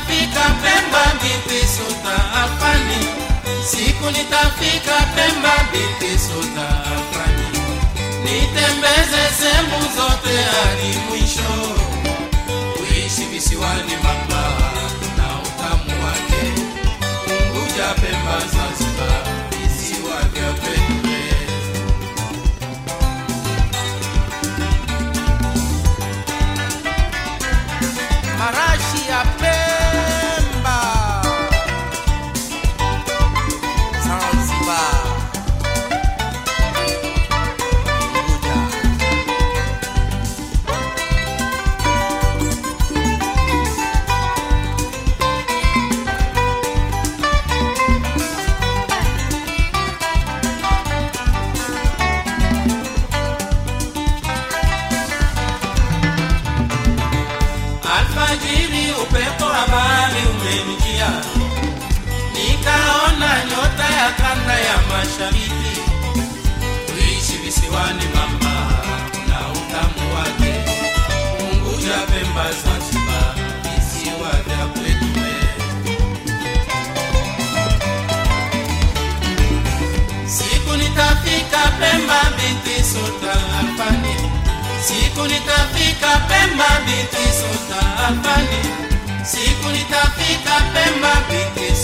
nitafika Pemba binti Sulta afani, siku nitafika Pemba binti Sulta afani, nitembeze sehemu zote hadi mwisho, kuishi visiwani. imenijia, nikaona nyota ya kanda ya mashariki. Kuishi visiwani mama, na utamu wake. Unguja, Pemba, Zanzibar, visiwa vya kwetu. Siku nitafika Pemba, binti Afani, Siku nitafika Pemba, binti sultani siku nitafika Pemba Bikisi.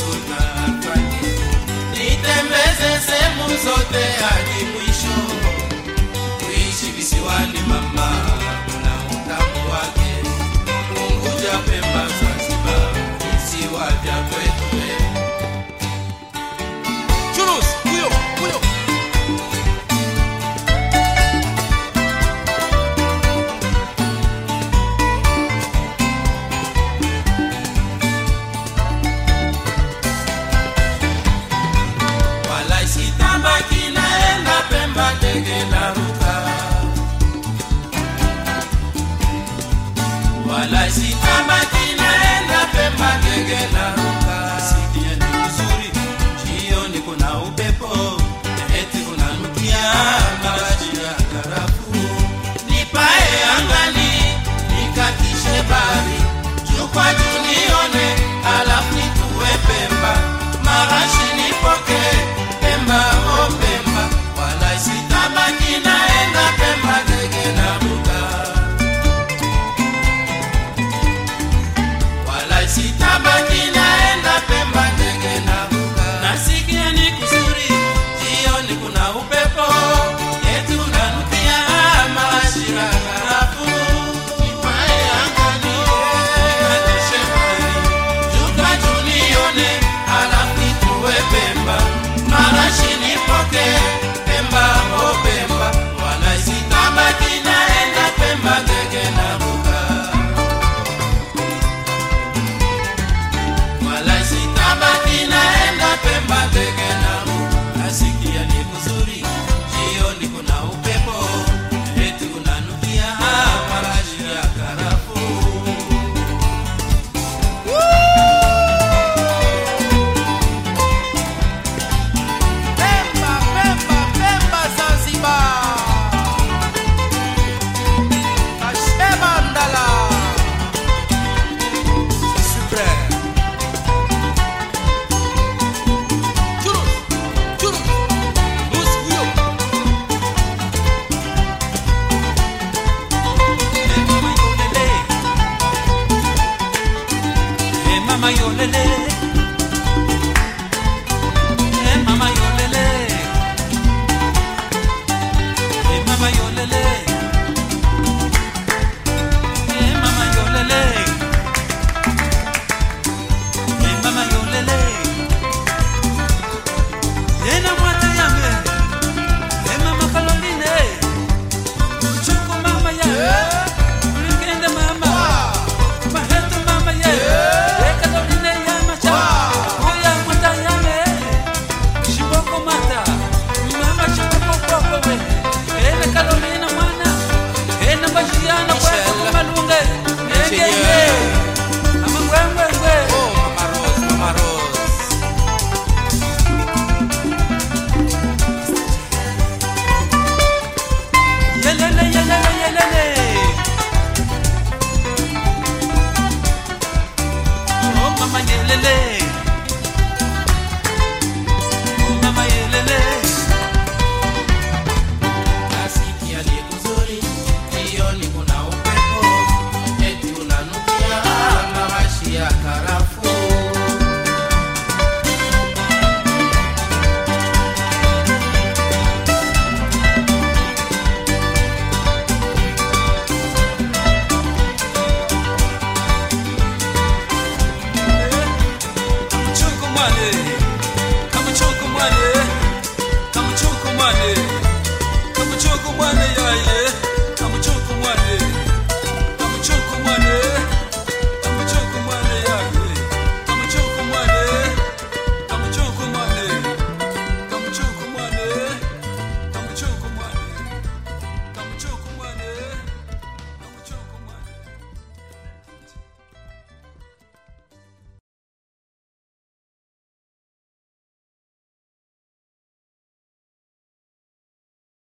wala sikamati naenda pemba genge naruka sikia ni mzuri jioni kuna upepo eti kuna mkia maji ya karafuu nipae angali nikatishe bari jukwa junione alafu nikuwe pemba marashi Lele.